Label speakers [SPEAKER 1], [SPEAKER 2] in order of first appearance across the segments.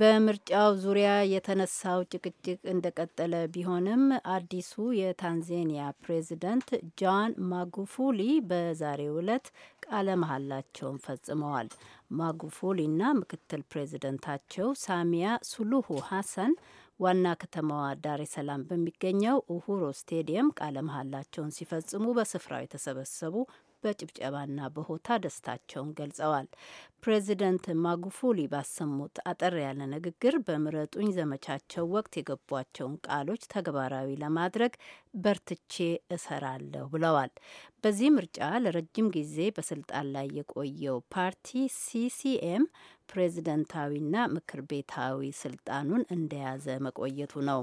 [SPEAKER 1] በምርጫው ዙሪያ የተነሳው ጭቅጭቅ እንደቀጠለ ቢሆንም አዲሱ የታንዜኒያ ፕሬዚደንት ጆን ማጉፉሊ በዛሬው ዕለት ቃለ መሀላቸውን ፈጽመዋል። ማጉፉሊና ምክትል ፕሬዚደንታቸው ሳሚያ ሱሉሁ ሀሰን ዋና ከተማዋ ዳሬ ሰላም በሚገኘው ኡሁሮ ስቴዲየም ቃለ መሀላቸውን ሲፈጽሙ በስፍራው የተሰበሰቡ በጭብጨባና በሆታ ደስታቸውን ገልጸዋል። ፕሬዚደንት ማጉፉሊ ባሰሙት አጠር ያለ ንግግር በምረጡኝ ዘመቻቸው ወቅት የገቧቸውን ቃሎች ተግባራዊ ለማድረግ በርትቼ እሰራለሁ ብለዋል። በዚህ ምርጫ ለረጅም ጊዜ በስልጣን ላይ የቆየው ፓርቲ ሲሲኤም ፕሬዝደንታዊና ምክር ቤታዊ ስልጣኑን እንደያዘ መቆየቱ ነው።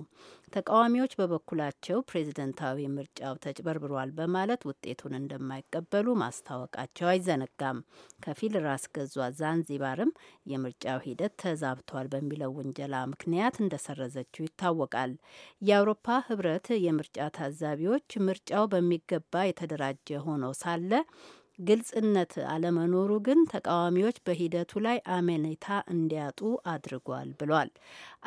[SPEAKER 1] ተቃዋሚዎች በበኩላቸው ፕሬዝደንታዊ ምርጫው ተጭበርብሯል በማለት ውጤቱን እንደማይቀበሉ ማስታወቃቸው አይዘነጋም። ከፊል ራስ ገዟ ዛንዚባርም የምርጫው ሂደት ተዛብቷል በሚለው ውንጀላ ምክንያት እንደሰረዘችው ይታወቃል። የአውሮፓ ህብረት የምርጫ ታዛቢዎች ምርጫው በሚገባ የተደራጀ ሆኖ ሳለ ግልጽነት አለመኖሩ ግን ተቃዋሚዎች በሂደቱ ላይ አመኔታ እንዲያጡ አድርጓል ብሏል።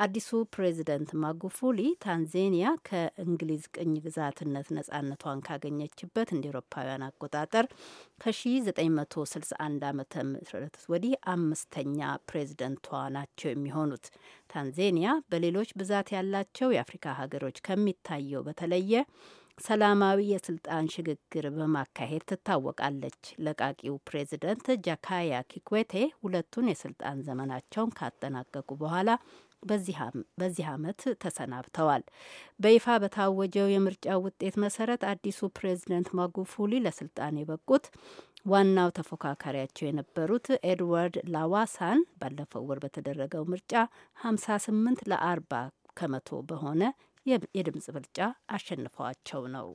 [SPEAKER 1] አዲሱ ፕሬዚደንት ማጉፉሊ ታንዜኒያ ከእንግሊዝ ቅኝ ግዛትነት ነጻነቷን ካገኘችበት እንደ ኤሮፓውያን አቆጣጠር ከ1961 ዓ ም ወዲህ አምስተኛ ፕሬዚደንቷ ናቸው የሚሆኑት። ታንዜኒያ በሌሎች ብዛት ያላቸው የአፍሪካ ሀገሮች ከሚታየው በተለየ ሰላማዊ የስልጣን ሽግግር በማካሄድ ትታወቃለች። ለቃቂው ፕሬዚደንት ጃካያ ኪኩዌቴ ሁለቱን የስልጣን ዘመናቸውን ካጠናቀቁ በኋላ በዚህ ዓመት ተሰናብተዋል። በይፋ በታወጀው የምርጫ ውጤት መሰረት አዲሱ ፕሬዚደንት ማጉፉሊ ለስልጣን የበቁት ዋናው ተፎካካሪያቸው የነበሩት ኤድዋርድ ላዋሳን ባለፈው ወር በተደረገው ምርጫ 58 ለ40 ከመቶ በሆነ የድምፅ ምርጫ አሸንፈዋቸው ነው።